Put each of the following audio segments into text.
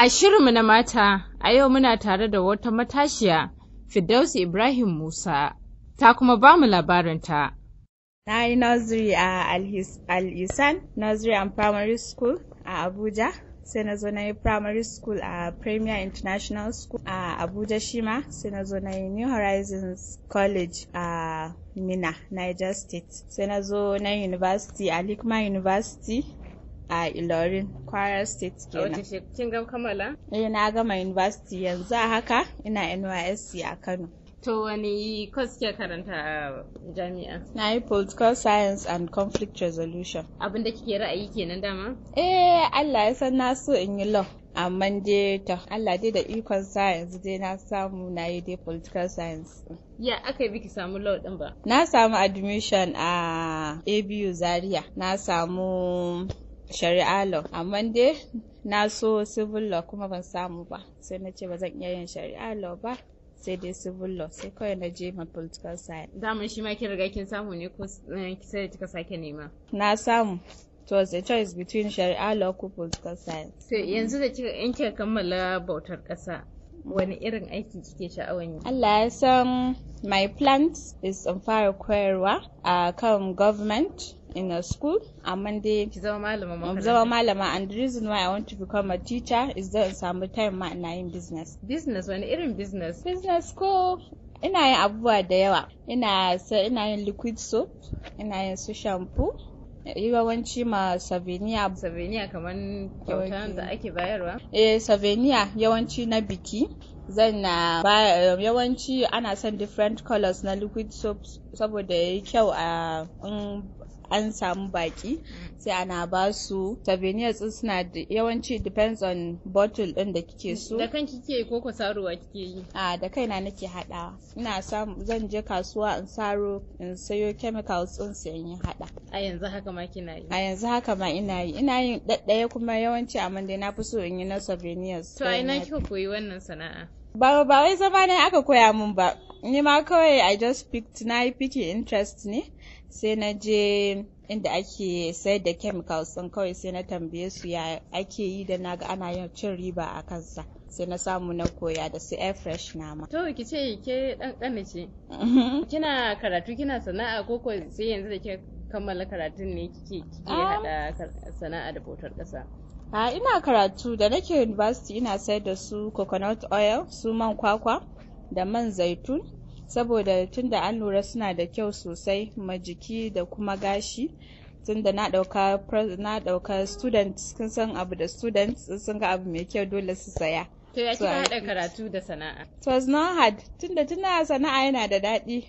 A shirinmu na mata, a yau muna tare da wata matashiya, Firdausi Ibrahim Musa, ta kuma ba mu labarinta. Na yi nursery a Al-Isan, nursery and primary school a Abuja. Sai na zo na yi primary school a Premier International School a Abuja Shima, sai na zo na yi New Horizons College a Mina, Niger State. Sai na zo na university a Likma University a Ilorin Kwara State kenan. kin ga kammala? Eh na gama university yanzu a haka ina NYSC a Kano. To wani kwas ke karanta a jami'a? Na yi political science and conflict resolution. Abin da kike ra'ayi kenan dama? Eh Allah ya san na so in yi law. amma dai ta Allah dai da ikon science dai na samu na yi dai political science ya aka yi biki samu law din ba na samu admission a ABU Zaria na samu shari'a law amma dai na so civil law kuma ban samu ba sai na ce ba zan iya yin shari'a law ba sai dai civil law sai kawai na je ma political science daman shi ma kin riga kin samu ne ko eh, sai da kika sake nema na samu it was a choice between shari'a law ko political science sai yanzu da kika in kika kammala bautar kasa wani irin aiki kike sha'awan yi Allah ya san my plant is in fara koyarwa a uh, kan government in a school amma dai ki zama malama makaranta zama malama and the reason why i want to become a teacher is don in samu time ma ina yin business business wani irin business business ko ina yin abubuwa da yawa ina ina yin liquid soap ina yin su shampoo yawanci ma savenia savenia kamar kyauta da ake bayarwa eh savenia yawanci na biki zan na um, yawanci ana son different colors na liquid soap saboda ya yi kyau a an samu baki sai ana ba su souvenirs suna yawanci depends on bottle din da kike so da kan kike ko ko sarowa kike yi a da kaina nake hada ina samu zan je kasuwa in saro in sayo chemicals din sai in yi hada a yanzu haka ma kina yi a yanzu haka ma ina yi ina yin daddaye kuma yawanci amma dai na fi so in yi na souvenirs to ina kika koyi wannan sana'a ba ba wai zama ne aka koya mun ba ni ma kawai i just picked na yi picking interest ne sai na je inda ake sayar da chemicals din kawai sai na tambaye su ya ake yi da naga ana yin cin riba a kansa sai na samu na koya da su air fresh nama. To ki ce ke kana ce. Kina karatu kina sana'a ko ko sai yanzu da ke kammala karatun ne kike kike ah. hada sana'a da botar kasa A ah, ina karatu da nake university ina sayar da su coconut oil, su man kwakwa da man zaitun saboda tunda an lura suna da kyau sosai ma jiki da kuma gashi tunda na dauka na dauka students kun san abu da students sun ga abu mai kyau dole su saya. To ya kika haɗa karatu da sana'a? It was not hard tunda tuna sana'a yana da daɗi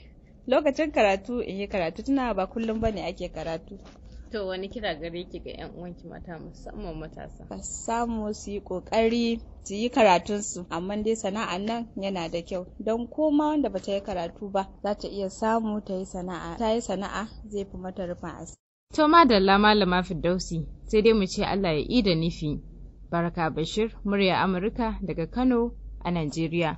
lokacin karatu in yi karatu tuna ba kullum bane ake karatu. To wani kira gare ki ga 'yan uwanki mata musamman matasa. Ka samu su yi ƙoƙari su yi karatunsu amma dai sana'a nan yana da kyau don koma wanda bata yi karatu ba za ta iya samu ta yi sana'a ta yi sana'a zai fi mata rufin asiri. To madalla malama Firdausi sai dai mu ce Allah ya ida nufi. Baraka Bashir murya Amurka daga Kano a Najeriya.